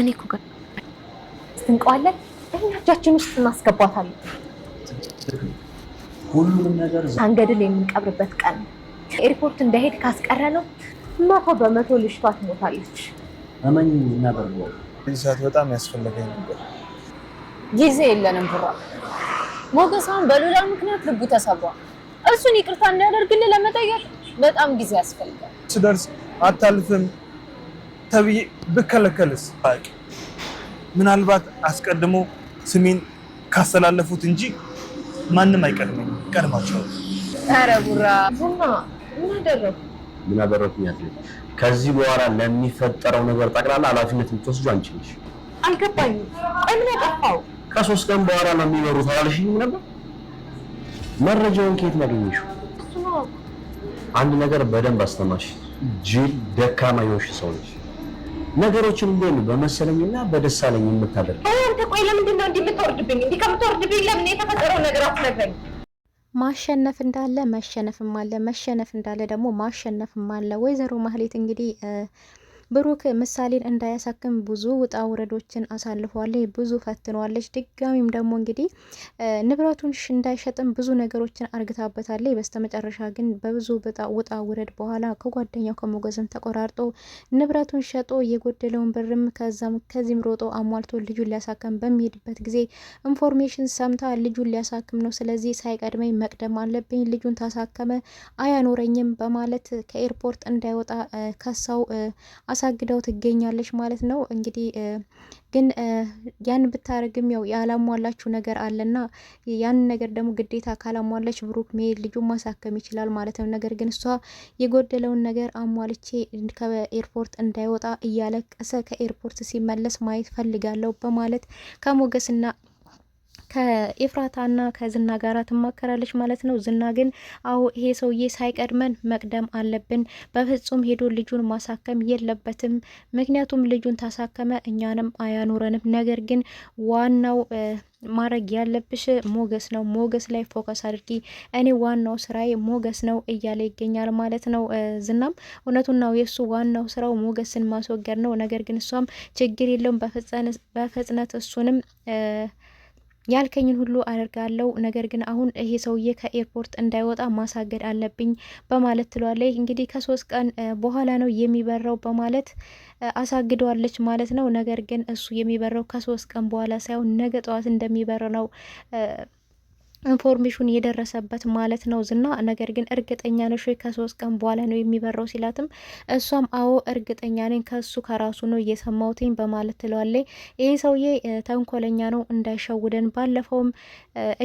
እኔ ኮ ስንቀዋለን እኛ እጃችን ውስጥ እናስገባታለን። ሁሉም ነገር አንገድል የምንቀብርበት ቀን ኤርፖርት እንደሄድ ካስቀረ ነው መቶ በመቶ ልጅቷ ትሞታለች። እመኝ ነበር ሰዓት በጣም ያስፈለገኝ ነበር። ጊዜ የለንም ብራ ሞገሳን በሉላ ምክንያት ልቡ ተሰብሯል። እሱን ይቅርታ እንዲያደርግልን ለመጠየቅ በጣም ጊዜ ያስፈልጋል። ስደርስ አታልፍም ተብዬ ብከለከልስ ምናልባት አስቀድሞ ስሜን ካስተላለፉት እንጂ ማንም አይቀድመኝ። ቀድማቸዋል። ኧረ ቡራ ምን አደረኩ? ምን አደረኩኝ? ከዚህ በኋላ ለሚፈጠረው ነገር ጠቅላላ ኃላፊነት የምትወስጂው አንቺ ነሽ። አልገባኝም። ምን ያጠፋው? ከሶስት ቀን በኋላ ለሚኖሩ የሚኖሩት አላልሽኝም ነበር? መረጃውን ከየት ያገኘሽው? አንድ ነገር በደንብ አስተማሽ። ጅል ደካማ የሆንሽ ሰው ነች። ነገሮችን ሁሉ በመሰለኝና በደሳለኝ የምታደርግ አንተ ቆይ ለምንድን ነው እንዲህ የምትወርድብኝ? እንዲህ ከምትወርድብኝ ለምን የተፈጠረው ነገር አትነግረኝ? ማሸነፍ እንዳለ መሸነፍም አለ፣ መሸነፍ እንዳለ ደግሞ ማሸነፍም አለ። ወይዘሮ ማህሌት እንግዲህ ብሩክ ምሳሌን እንዳያሳክም ብዙ ውጣ ውረዶችን አሳልፏለች፣ ብዙ ፈትኗለች። ድጋሚም ደግሞ እንግዲህ ንብረቱን እንዳይሸጥም ብዙ ነገሮችን አርግታበታለች። በስተመጨረሻ ግን በብዙ ውጣ ውረድ በኋላ ከጓደኛው ከሞገዝም ተቆራርጦ ንብረቱን ሸጦ የጎደለውን ብርም ከዛም ከዚህም ሮጦ አሟልቶ ልጁን ሊያሳክም በሚሄድበት ጊዜ ኢንፎርሜሽን ሰምታ ልጁን ሊያሳክም ነው፣ ስለዚህ ሳይቀድመኝ መቅደም አለብኝ፣ ልጁን ታሳከመ አያኖረኝም በማለት ከኤርፖርት እንዳይወጣ ከሳው አሳግደው ትገኛለች ማለት ነው። እንግዲህ ግን ያን ብታደርግም ያው ያላሟላችሁ ነገር አለና ያን ነገር ደግሞ ግዴታ ካላሟላች ብሩክ መሄድ ልጁን ማሳከም ይችላል ማለት ነው። ነገር ግን እሷ የጎደለውን ነገር አሟልቼ ከኤርፖርት እንዳይወጣ እያለቀሰ ከኤርፖርት ሲመለስ ማየት ፈልጋለሁ በማለት ከሞገስና ከኤፍራታና ከዝና ጋራ ትማከራለች ማለት ነው። ዝና ግን አዎ ይሄ ሰውዬ ሳይቀድመን መቅደም አለብን፣ በፍጹም ሄዶ ልጁን ማሳከም የለበትም። ምክንያቱም ልጁን ታሳከመ እኛንም አያኖረንም። ነገር ግን ዋናው ማድረግ ያለብሽ ሞገስ ነው። ሞገስ ላይ ፎከስ አድርጊ። እኔ ዋናው ስራዬ ሞገስ ነው እያለ ይገኛል ማለት ነው። ዝናም እውነቱን ነው የእሱ ዋናው ስራው ሞገስን ማስወገድ ነው። ነገር ግን እሷም ችግር የለውም በፍጥነት እሱንም ያልከኝን ሁሉ አደርጋለሁ፣ ነገር ግን አሁን ይሄ ሰውዬ ከኤርፖርት እንዳይወጣ ማሳገድ አለብኝ በማለት ትሏለች። እንግዲህ ከሶስት ቀን በኋላ ነው የሚበራው በማለት አሳግደዋለች ማለት ነው። ነገር ግን እሱ የሚበራው ከሶስት ቀን በኋላ ሳይሆን ነገ ጠዋት እንደሚበር ነው ኢንፎርሜሽን የደረሰበት ማለት ነው ዝና። ነገር ግን እርግጠኛ ነሽ ወይ ከሶስት ቀን በኋላ ነው የሚበራው ሲላትም እሷም አዎ እርግጠኛ ነኝ ከሱ ከራሱ ነው እየሰማውትኝ በማለት ትለዋለች። ይህ ሰውዬ ተንኮለኛ ነው እንዳይሸውደን፣ ባለፈውም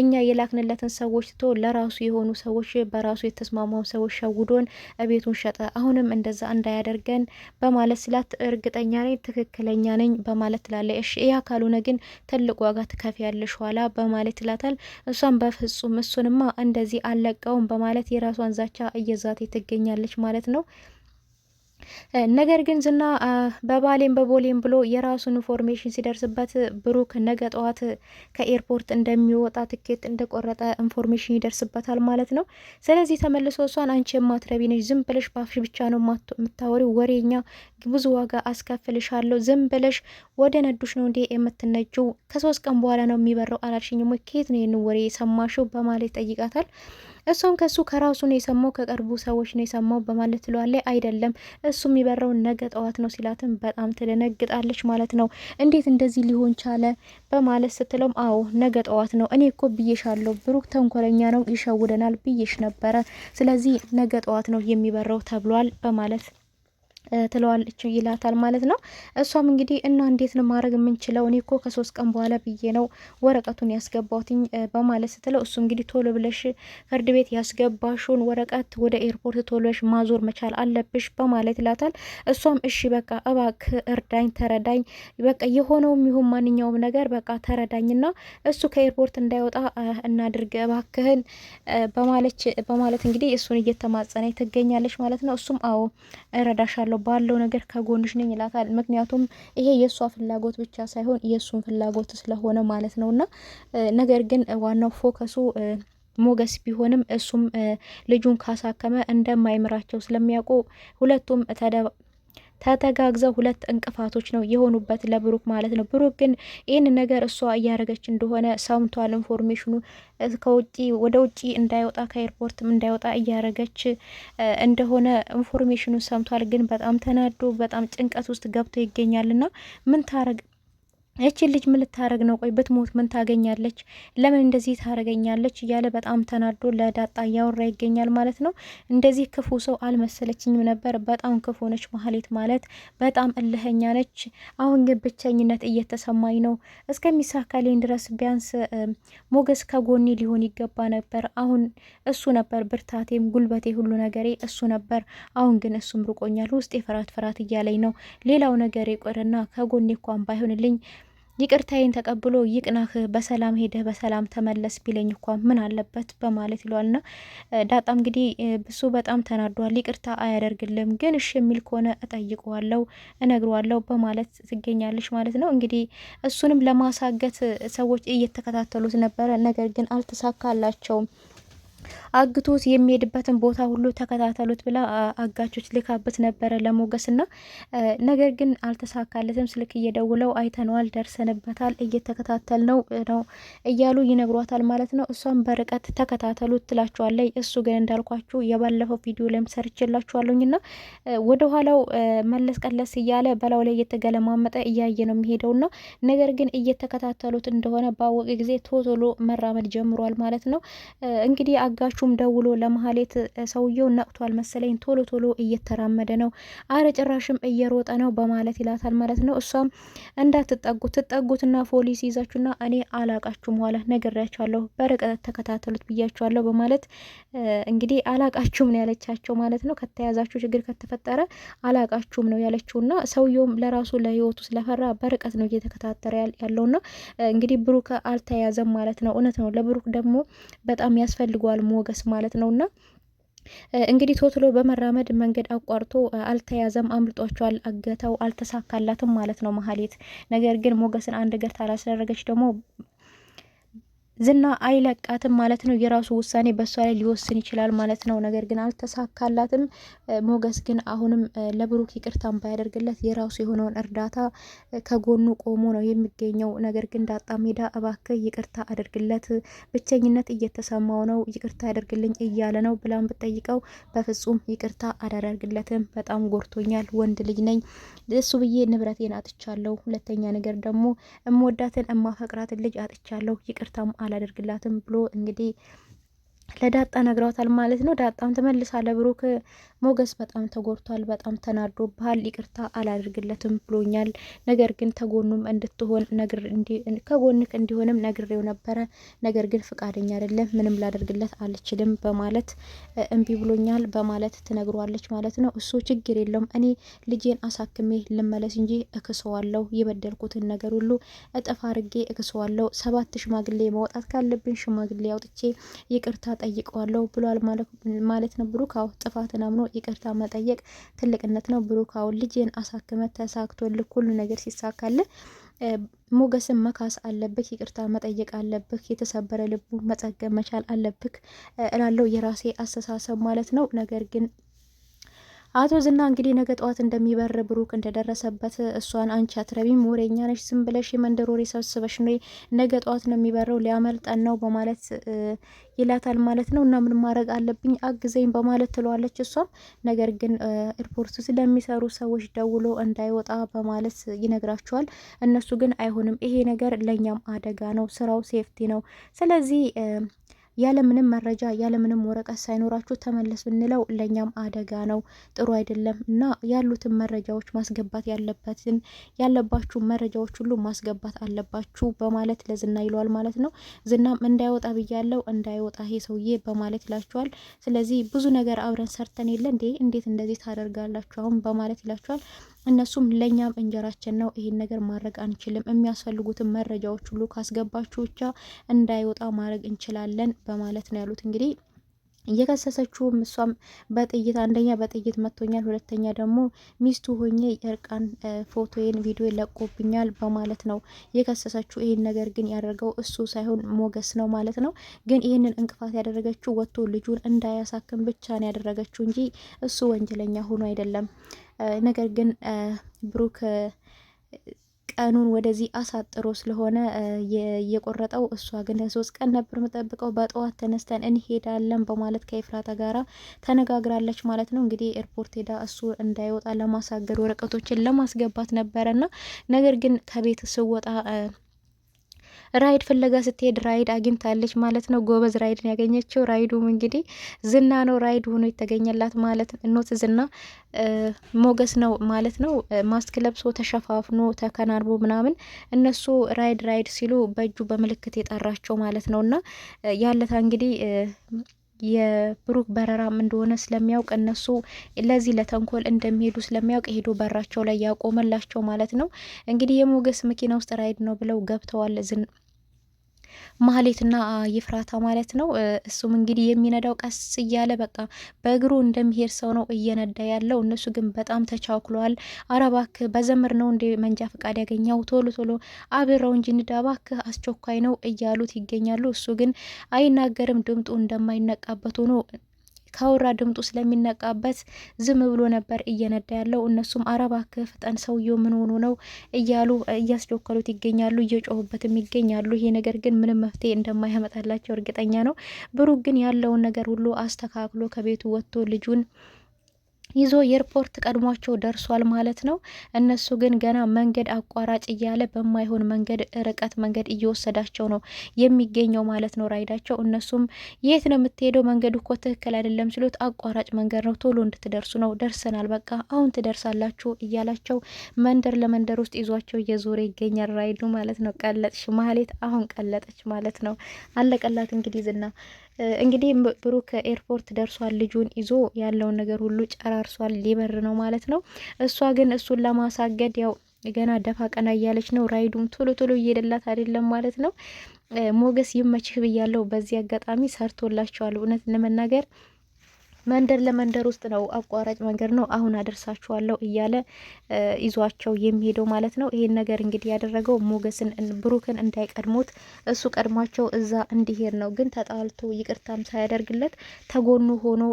እኛ የላክንለትን ሰዎች ትቶ ለራሱ የሆኑ ሰዎች በራሱ የተስማማውን ሰዎች ሸውዶን ቤቱን ሸጠ። አሁንም እንደዛ እንዳያደርገን በማለት ሲላት፣ እርግጠኛ ነኝ ትክክለኛ ነኝ በማለት ትላለች። እሺ ያ ካልሆነ ግን ትልቅ ዋጋ ትከፍያለሽ ኋላ በማለት ይላታል። እሷም በ በፍጹም እሱንማ እንደዚህ አለቀውም በማለት የራሷን ዛቻ እየዛቴ ትገኛለች ማለት ነው። ነገር ግን ዝና በባሌም በቦሌም ብሎ የራሱን ኢንፎርሜሽን ሲደርስበት ብሩክ ነገ ጠዋት ከኤርፖርት እንደሚወጣ ትኬት እንደቆረጠ ኢንፎርሜሽን ይደርስበታል ማለት ነው። ስለዚህ ተመልሶ እሷን አንቺ የማትረቢ ነሽ፣ ዝም ብለሽ በአፍሽ ብቻ ነው የምታወሪ ወሬኛ፣ ብዙ ዋጋ አስከፍልሻለሁ፣ ዝም ብለሽ ወደ ነዱሽ ነው እንዴ የምትነጂው? ከሶስት ቀን በኋላ ነው የሚበረው አላልሽኝም ወይ? ከየት ነው ይህን ወሬ የሰማሽው? በማለት ይጠይቃታል። እሱም ከሱ ከራሱ ነው የሰማው ከቅርቡ ሰዎች ነው የሰማው በማለት ትለዋለች። አይደለም እሱ የሚበራው ነገ ጠዋት ነው ሲላትም በጣም ትደነግጣለች ማለት ነው። እንዴት እንደዚህ ሊሆን ቻለ በማለት ስትለውም አዎ ነገ ጠዋት ነው። እኔ እኮ ብዬሻለሁ ብሩክ ተንኮለኛ ነው ይሸውደናል ብዬሽ ነበረ። ስለዚህ ነገ ጠዋት ነው የሚበራው ተብሏል በማለት ትለዋለች ይላታል ማለት ነው። እሷም እንግዲህ እና እንዴት ነው ማድረግ የምንችለው እኔ እኮ ከሶስት ቀን በኋላ ብዬ ነው ወረቀቱን ያስገባሁትኝ በማለት ስትለው እሱ እንግዲህ ቶሎ ብለሽ ፍርድ ቤት ያስገባሹን ወረቀት ወደ ኤርፖርት ቶሎ ብለሽ ማዞር መቻል አለብሽ በማለት ይላታል። እሷም እሺ በቃ እባክ እርዳኝ፣ ተረዳኝ በቃ የሆነውም ይሁን ማንኛውም ነገር በቃ ተረዳኝና እሱ ከኤርፖርት እንዳይወጣ እናድርግ እባክህን በማለች በማለት እንግዲህ እሱን እየተማጸነኝ ትገኛለች ማለት ነው። እሱም አዎ እረዳሻለሁ ባለው ነገር ከጎንሽ ነኝ ይላታል። ምክንያቱም ይሄ የእሷ ፍላጎት ብቻ ሳይሆን የእሱን ፍላጎት ስለሆነ ማለት ነውና ነገር ግን ዋናው ፎከሱ ሞገስ ቢሆንም እሱም ልጁን ካሳከመ እንደማይምራቸው ስለሚያውቁ ሁለቱም ተተጋግዘው ሁለት እንቅፋቶች ነው የሆኑበት ለብሩክ ማለት ነው። ብሩክ ግን ይህን ነገር እሷ እያደረገች እንደሆነ ሰምቷል። ኢንፎርሜሽኑ ከውጭ ወደ ውጭ እንዳይወጣ ከኤርፖርትም እንዳይወጣ እያደረገች እንደሆነ ኢንፎርሜሽኑ ሰምቷል። ግን በጣም ተናዶ በጣም ጭንቀት ውስጥ ገብቶ ይገኛልና ምን ታረግ እቺ ልጅ ምን ልታረግ ነው? ቆይ ብትሞት ምን ታገኛለች? ለምን እንደዚህ ታረገኛለች? እያለ በጣም ተናዶ ለዳጣ እያወራ ይገኛል ማለት ነው። እንደዚህ ክፉ ሰው አልመሰለችኝም ነበር። በጣም ክፉ ነች ማህሌት ማለት በጣም እልህኛ ነች። አሁን ግን ብቸኝነት እየተሰማኝ ነው። እስከሚሳካልኝ ድረስ ቢያንስ ሞገስ ከጎኔ ሊሆን ይገባ ነበር። አሁን እሱ ነበር ብርታቴም፣ ጉልበቴ፣ ሁሉ ነገሬ እሱ ነበር። አሁን ግን እሱም ርቆኛል። ውስጤ ፍርሃት ፍርሃት እያለኝ ነው። ሌላው ነገሬ ይቅርና ከጎኔ እንኳን ባይሆንልኝ ይቅርታዬን ተቀብሎ ይቅናህ፣ በሰላም ሄደህ በሰላም ተመለስ ቢለኝ እኳ ምን አለበት በማለት ና ዳጣ እንግዲህ ብሱ በጣም ተናዷል። ይቅርታ አያደርግልም፣ ግን እሺ የሚል ከሆነ እጠይቀዋለሁ፣ እነግረዋለሁ በማለት ትገኛለች ማለት ነው። እንግዲህ እሱንም ለማሳገት ሰዎች እየተከታተሉት ነበረ፣ ነገር ግን አልተሳካላቸውም። አግቶት የሚሄድበትን ቦታ ሁሉ ተከታተሉት ብላ አጋቾች ልካበት ነበረ ለሞገስ ና ነገር ግን አልተሳካለትም። ስልክ እየደውለው አይተነዋል፣ ደርሰንበታል፣ እየተከታተል ነው ነው እያሉ ይነግሯታል ማለት ነው። እሷም በርቀት ተከታተሉት ትላቸዋለይ። እሱ ግን እንዳልኳችሁ የባለፈው ቪዲዮ ላይም ሰርችላችኋለኝ ና ወደኋላው መለስ ቀለስ እያለ በላው ላይ እየተገለማመጠ እያየ ነው የሚሄደው ና ነገር ግን እየተከታተሉት እንደሆነ ባወቀ ጊዜ ቶቶሎ መራመድ ጀምሯል ማለት ነው። እንግዲህ አጋቹ ለሌሎቹም ደውሎ ለመሀሌት ሰውየው ነቅቷል መሰለኝ ቶሎ ቶሎ እየተራመደ ነው፣ አረ ጭራሽም እየሮጠ ነው በማለት ይላታል ማለት ነው። እሷም እንዳትጠጉት ትጠጉትና ፖሊስ ይዛችሁና እኔ አላቃችሁም ኋላ ነግሬያቸዋለሁ፣ በርቀት ተከታተሉት ብያቸዋለሁ በማለት እንግዲህ አላቃችሁም ነው ያለቻቸው ማለት ነው። ከተያዛችሁ ችግር ከተፈጠረ አላቃችሁም ነው ያለችውና ሰውየውም ለራሱ ለህይወቱ ስለፈራ በርቀት ነው እየተከታተለ ያለውና እንግዲህ ብሩክ አልተያዘም ማለት ነው። እውነት ነው። ለብሩክ ደግሞ በጣም ያስፈልገዋል ሞገ ሞገስ ማለት ነውና እንግዲህ ቶትሎ በመራመድ መንገድ አቋርጦ አልተያዘም፣ አምልጧቸዋል። አገተው አልተሳካላትም ማለት ነው መሀሌት። ነገር ግን ሞገስን አንድ ገር ታላስደረገች ደግሞ ዝና አይለቃትም ማለት ነው። የራሱ ውሳኔ በእሷ ላይ ሊወስን ይችላል ማለት ነው። ነገር ግን አልተሳካላትም። ሞገስ ግን አሁንም ለብሩክ ይቅርታን ባያደርግለት የራሱ የሆነውን እርዳታ ከጎኑ ቆሞ ነው የሚገኘው። ነገር ግን ዳጣ ሜዳ እባክህ ይቅርታ አድርግለት፣ ብቸኝነት እየተሰማው ነው፣ ይቅርታ ያደርግልኝ እያለ ነው ብላን ብጠይቀው በፍጹም ይቅርታ አዳደርግለትም፣ በጣም ጎርቶኛል፣ ወንድ ልጅ ነኝ፣ እሱ ብዬ ንብረቴን አጥቻለሁ። ሁለተኛ ነገር ደግሞ እምወዳትን እማፈቅራትን ልጅ አጥቻለሁ፣ ይቅርታም አላደርግላትም ብሎ እንግዲህ ለዳጣ ነግረዋታል ማለት ነው። ዳጣም ተመልሳ ለብሩክ ሞገስ በጣም ተጎድቷል፣ በጣም ባህል ይቅርታ አላደርግለትም ብሎኛል። ነገር ግን ተጎኑም እንድትሆን ከጎንክ እንዲሆንም ነግሬው ነበረ። ነገር ግን ፍቃደኛ አይደለም፣ ምንም ላደርግለት አልችልም በማለት እምቢ ብሎኛል በማለት ትነግሯለች ማለት ነው። እሱ ችግር የለውም እኔ ልጄን አሳክሜ ልመለስ እንጂ እክሰዋለሁ፣ የበደልኩትን ነገር ሁሉ እጠፋ አርጌ እክሰዋለሁ። ሰባት ሽማግሌ መውጣት ካለብን ሽማግሌ አውጥቼ ይቅርታ ጠይቀዋለሁ ብሏል ማለት ነው። ብሩክ አዎ ጥፋትን አምኖ ይቅርታ መጠየቅ ትልቅነት ነው። ብሩክ አዎ ልጅን አሳክመ ተሳክቶልክ ሁሉ ነገር ሲሳካልህ ሞገስን መካስ አለብህ፣ ይቅርታ መጠየቅ አለብህ፣ የተሰበረ ልቡ መጸገም መቻል አለብህ እላለው የራሴ አስተሳሰብ ማለት ነው ነገር ግን አቶ ዝና እንግዲህ ነገ ጠዋት እንደሚበር ብሩክ እንደደረሰበት እሷን አንቺ አትረቢም፣ ወሬኛ ነሽ፣ ዝም ብለሽ የመንደር ወሬ ሰብስበሽ ነው፣ ነገ ጠዋት ነው የሚበረው፣ ሊያመልጠን ነው በማለት ይላታል ማለት ነው። እና ምን ማድረግ አለብኝ አግዘኝ በማለት ትለዋለች እሷም። ነገር ግን ኤርፖርቱ ስለሚሰሩ ሰዎች ደውሎ እንዳይወጣ በማለት ይነግራቸዋል። እነሱ ግን አይሆንም፣ ይሄ ነገር ለእኛም አደጋ ነው፣ ስራው ሴፍቲ ነው፣ ስለዚህ ያለምንም መረጃ ያለምንም ወረቀት ሳይኖራችሁ ተመለስ ብንለው ለእኛም አደጋ ነው፣ ጥሩ አይደለም እና ያሉትን መረጃዎች ማስገባት ያለበትን ያለባችሁ መረጃዎች ሁሉ ማስገባት አለባችሁ በማለት ለዝና ይለዋል ማለት ነው። ዝናም እንዳይወጣ ብያለው እንዳይወጣ ይሄ ሰውዬ በማለት ይላችኋል። ስለዚህ ብዙ ነገር አብረን ሰርተን የለ እንዴ እንዴት እንደዚህ ታደርጋላችሁ አሁን በማለት ይላችኋል። እነሱም ለእኛም እንጀራችን ነው፣ ይሄን ነገር ማድረግ አንችልም፣ የሚያስፈልጉትን መረጃዎች ሁሉ ካስገባችሁ ብቻ እንዳይወጣ ማድረግ እንችላለን በማለት ነው ያሉት። እንግዲህ እየከሰሰችውም እሷም በጥይት አንደኛ በጥይት መቶኛል፣ ሁለተኛ ደግሞ ሚስቱ ሆኜ የእርቃን ፎቶዬን ቪዲዮ ለቆብኛል በማለት ነው የከሰሰችው። ይህን ነገር ግን ያደረገው እሱ ሳይሆን ሞገስ ነው ማለት ነው። ግን ይህንን እንቅፋት ያደረገችው ወጥቶ ልጁን እንዳያሳክም ብቻ ነው ያደረገችው እንጂ እሱ ወንጀለኛ ሆኖ አይደለም። ነገር ግን ብሩክ ቀኑን ወደዚህ አሳጥሮ ስለሆነ የቆረጠው እሷ ግን ለሶስት ቀን ነበር የምጠብቀው በጠዋት ተነስተን እንሄዳለን በማለት ከኤፍራታ ጋራ ተነጋግራለች ማለት ነው። እንግዲህ ኤርፖርት ሄዳ እሱ እንዳይወጣ ለማሳገድ ወረቀቶችን ለማስገባት ነበረና ነገር ግን ከቤት ስወጣ ራይድ ፍለጋ ስትሄድ ራይድ አግኝታለች ማለት ነው። ጎበዝ ራይድን ያገኘችው ራይዱም እንግዲህ ዝና ነው። ራይድ ሆኖ የተገኘላት ማለት ኖት ዝና ሞገስ ነው ማለት ነው። ማስክ ለብሶ ተሸፋፍኖ ተከናንቦ ምናምን እነሱ ራይድ ራይድ ሲሉ በእጁ በምልክት የጠራቸው ማለት ነው እና ያለታ እንግዲህ የብሩክ በረራም እንደሆነ ስለሚያውቅ እነሱ ለዚህ ለተንኮል እንደሚሄዱ ስለሚያውቅ ሄዶ በራቸው ላይ ያቆመላቸው ማለት ነው። እንግዲህ የሞገስ መኪና ውስጥ ራይድ ነው ብለው ገብተዋል። ማህሌትና ይፍራታ ማለት ነው። እሱም እንግዲህ የሚነዳው ቀስ እያለ በቃ በእግሩ እንደሚሄድ ሰው ነው እየነዳ ያለው። እነሱ ግን በጣም ተቻኩለዋል። አረ እባክህ በዘመድ ነው እንደ መንጃ ፈቃድ ያገኘው ቶሎ ቶሎ አብረው እንጂ ንዳ እባክህ፣ አስቸኳይ ነው እያሉት ይገኛሉ። እሱ ግን አይናገርም። ድምጡ እንደማይነቃበት ሆኖ ካወራ ድምጡ ስለሚነቃበት ዝም ብሎ ነበር እየነዳ ያለው። እነሱም አረባ ክፍጠን ሰውየው ምን ሆኖ ነው እያሉ እያስደከሉት ይገኛሉ፣ እየጮሁበትም ይገኛሉ። ይሄ ነገር ግን ምንም መፍትሄ እንደማያመጣላቸው እርግጠኛ ነው። ብሩክ ግን ያለውን ነገር ሁሉ አስተካክሎ ከቤቱ ወጥቶ ልጁን ይዞ ኤርፖርት ቀድሟቸው ደርሷል ማለት ነው። እነሱ ግን ገና መንገድ አቋራጭ እያለ በማይሆን መንገድ ርቀት መንገድ እየወሰዳቸው ነው የሚገኘው ማለት ነው ራይዳቸው። እነሱም የት ነው የምትሄደው? መንገዱ እኮ ትክክል አይደለም ሲሉት አቋራጭ መንገድ ነው፣ ቶሎ እንድትደርሱ ነው፣ ደርሰናል፣ በቃ አሁን ትደርሳላችሁ እያላቸው መንደር ለመንደር ውስጥ ይዟቸው እየዞረ ይገኛል ራይዱ ማለት ነው። ቀለጥሽ ማህሌት፣ አሁን ቀለጠች ማለት ነው። አለቀላት እንግዲህ ዝና እንግዲህ ብሩክ ኤርፖርት ደርሷል። ልጁን ይዞ ያለውን ነገር ሁሉ ጨራርሷል። ሊበር ነው ማለት ነው። እሷ ግን እሱን ለማሳገድ ያው ገና ደፋ ቀና እያለች ነው። ራይዱም ቶሎ ቶሎ እየሄደላት አይደለም ማለት ነው። ሞገስ ይመችህ ብያለሁ። በዚህ አጋጣሚ ሰርቶላቸዋል እውነት ለመናገር መንደር ለመንደር ውስጥ ነው፣ አቋራጭ መንገድ ነው፣ አሁን አደርሳችኋለሁ እያለ ይዟቸው የሚሄደው ማለት ነው። ይሄን ነገር እንግዲህ ያደረገው ሞገስን ብሩክን እንዳይቀድሙት እሱ ቀድሟቸው እዛ እንዲሄድ ነው። ግን ተጣልቶ ይቅርታም ሳያደርግለት ተጎኑ ሆኖ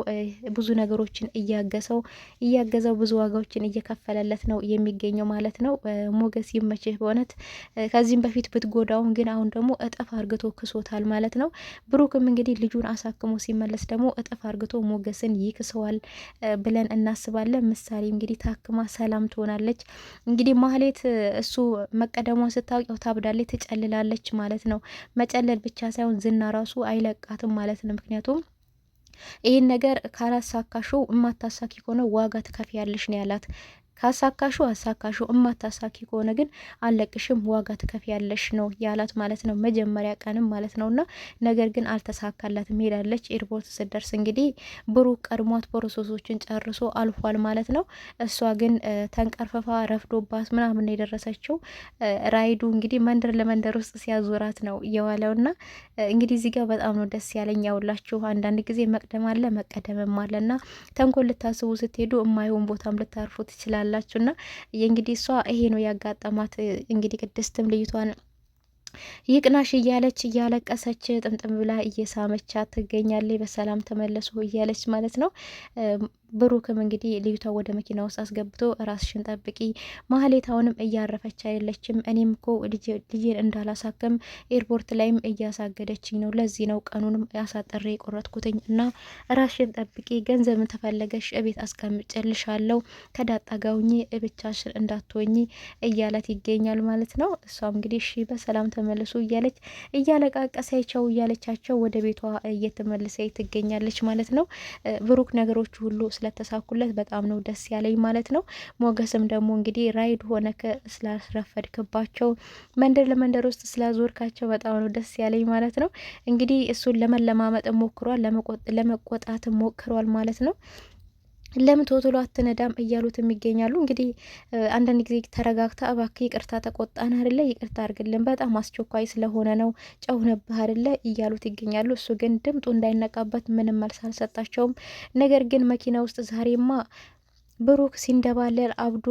ብዙ ነገሮችን እያገሰው እያገዘው ብዙ ዋጋዎችን እየከፈለለት ነው የሚገኘው ማለት ነው። ሞገስ ይመችህ በእውነት ከዚህም በፊት ብትጎዳውም ግን አሁን ደግሞ እጥፍ አርግቶ ክሶታል ማለት ነው። ብሩክም እንግዲህ ልጁን አሳክሞ ሲመለስ ደግሞ እጥፍ አርግቶ ሞገስ ሞገስን ይክሰዋል ብለን እናስባለን። ምሳሌ እንግዲህ ታክማ ሰላም ትሆናለች። እንግዲህ ማህሌት እሱ መቀደሟን ስታውቂው ታብዳለች፣ ትጨልላለች ማለት ነው። መጨለል ብቻ ሳይሆን ዝና ራሱ አይለቃትም ማለት ነው። ምክንያቱም ይህን ነገር ካላሳካሹ የማታሳኪ ከሆነ ዋጋ ትከፍያለሽ ነው ያላት። ካሳካሹ አሳካሹ፣ እማታሳኪ ከሆነ ግን አለቅሽም፣ ዋጋ ትከፍያለሽ ነው ያላት ማለት ነው። መጀመሪያ ቀንም ማለት ነውና ነገር ግን አልተሳካላትም። ሄዳለች። ኤርፖርት ስደርስ እንግዲህ ብሩክ ቀድሟት ፕሮሰሶችን ጨርሶ አልፏል ማለት ነው። እሷ ግን ተንቀርፈፋ ረፍዶባት ምናምን የደረሰችው ራይዱ እንግዲህ መንደር ለመንደር ውስጥ ሲያዞራት ነው የዋለውና እንግዲህ እዚህ ጋር በጣም ነው ደስ ያለኝ። ያውላችሁ አንዳንድ ጊዜ መቅደም አለ መቀደምም አለና ተንኮል ልታስቡ ስትሄዱ የማይሆን ቦታም ልታርፉ ትችላል ታውቃላችሁ። እንግዲህ እሷ ይሄ ነው ያጋጠማት። እንግዲህ ቅድስትም ልጅቷን ይቅናሽ እያለች እያለቀሰች ጥምጥም ብላ እየሳመቻት ትገኛለች። በሰላም ተመለሱ እያለች ማለት ነው። ብሩክም እንግዲህ ልዩቷ ወደ መኪና ውስጥ አስገብቶ ራስሽን ጠብቂ፣ ማህሌታውንም እያረፈች አይደለችም። እኔም እኮ ልጅን እንዳላሳክም ኤርፖርት ላይም እያሳገደችኝ ነው። ለዚህ ነው ቀኑንም ያሳጠሬ የቆረጥኩትኝ እና ራስሽን ጠብቂ፣ ገንዘብን ተፈለገሽ እቤት አስቀምጨልሻለሁ፣ ከዳጣ ጋር ብቻሽን እንዳትሆኚ እያላት ይገኛል ማለት ነው። እሷም እንግዲህ እሺ በሰላም ተመልሱ እያለች እያለቃቀሰች ቸው እያለቻቸው ወደ ቤቷ እየተመለሰ ትገኛለች ማለት ነው። ብሩክ ነገሮች ሁሉ ስለተሳኩለት በጣም ነው ደስ ያለኝ ማለት ነው። ሞገስም ደግሞ እንግዲህ ራይድ ሆነ ስላስረፈድክባቸው መንደር ለመንደር ውስጥ ስላዞርካቸው በጣም ነው ደስ ያለኝ ማለት ነው። እንግዲህ እሱን ለመለማመጥ ሞክሯል፣ ለመቆጣት ሞክሯል ማለት ነው። ለምን ቶቶሎ አትነዳም እያሉት የሚገኛሉ። እንግዲህ አንዳንድ ጊዜ ተረጋግታ እባክህ ይቅርታ ተቆጣን አይደለ ይቅርታ አድርግልን በጣም አስቸኳይ ስለሆነ ነው ጨው ነብህ አይደለ እያሉት ይገኛሉ። እሱ ግን ድምጡ እንዳይነቃበት ምንም መልስ አልሰጣቸውም። ነገር ግን መኪና ውስጥ ዛሬማ ብሩክ ሲንደባለል አብዶ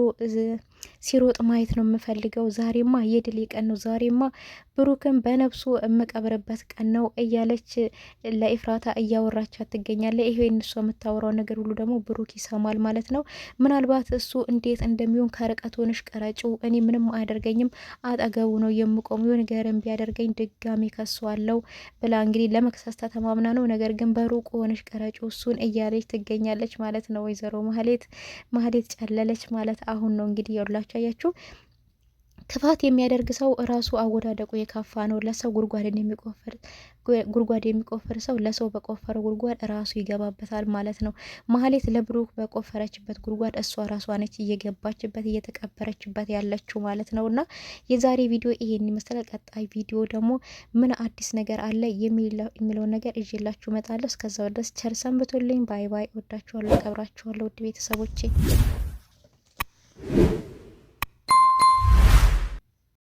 ሲሮጥ ማየት ነው የምፈልገው። ዛሬማ የድሌ ቀን ነው፣ ዛሬማ ብሩክን በነፍሱ የምቀብርበት ቀን ነው እያለች ለኤፍራታ እያወራች ትገኛለች። ይሄ እሷ የምታወራው ነገር ሁሉ ደግሞ ብሩክ ይሰማል ማለት ነው። ምናልባት እሱ እንዴት እንደሚሆን ከርቀት ሆነሽ ቀረጩ፣ እኔ ምንም አያደርገኝም፣ አጠገቡ ነው የምቆሙ፣ ነገርን ቢያደርገኝ ድጋሜ ከሷለው ብላ እንግዲህ ለመክሰስ ተማምና ነው። ነገር ግን በሩቁ ሆነሽ ቀረጩ እሱን እያለች ትገኛለች ማለት ነው። ወይዘሮ ማህሌት ማህሌት ጨለለች ማለት አሁን ነው እንግዲህ ትችላላችሁ። አያችሁ ክፋት የሚያደርግ ሰው ራሱ አወዳደቁ የካፋ ነው። ለሰው ጉድጓድን የሚቆፍር ጉድጓድ የሚቆፍር ሰው ለሰው በቆፈረው ጉድጓድ እራሱ ይገባበታል ማለት ነው። ማህሌት ለብሩክ በቆፈረችበት ጉድጓድ እሷ ራሷ ነች እየገባችበት እየተቀበረችበት ያለችው ማለት ነው። እና የዛሬ ቪዲዮ ይሄን ይመስላል። ቀጣይ ቪዲዮ ደግሞ ምን አዲስ ነገር አለ የሚለውን ነገር እዤላችሁ እመጣለሁ። እስከዛው ድረስ ቸር ሰንብቱልኝ። ባይ ባይ። ወዳችኋለሁ፣ ቀብራችኋለሁ ውድ ቤተሰቦቼ።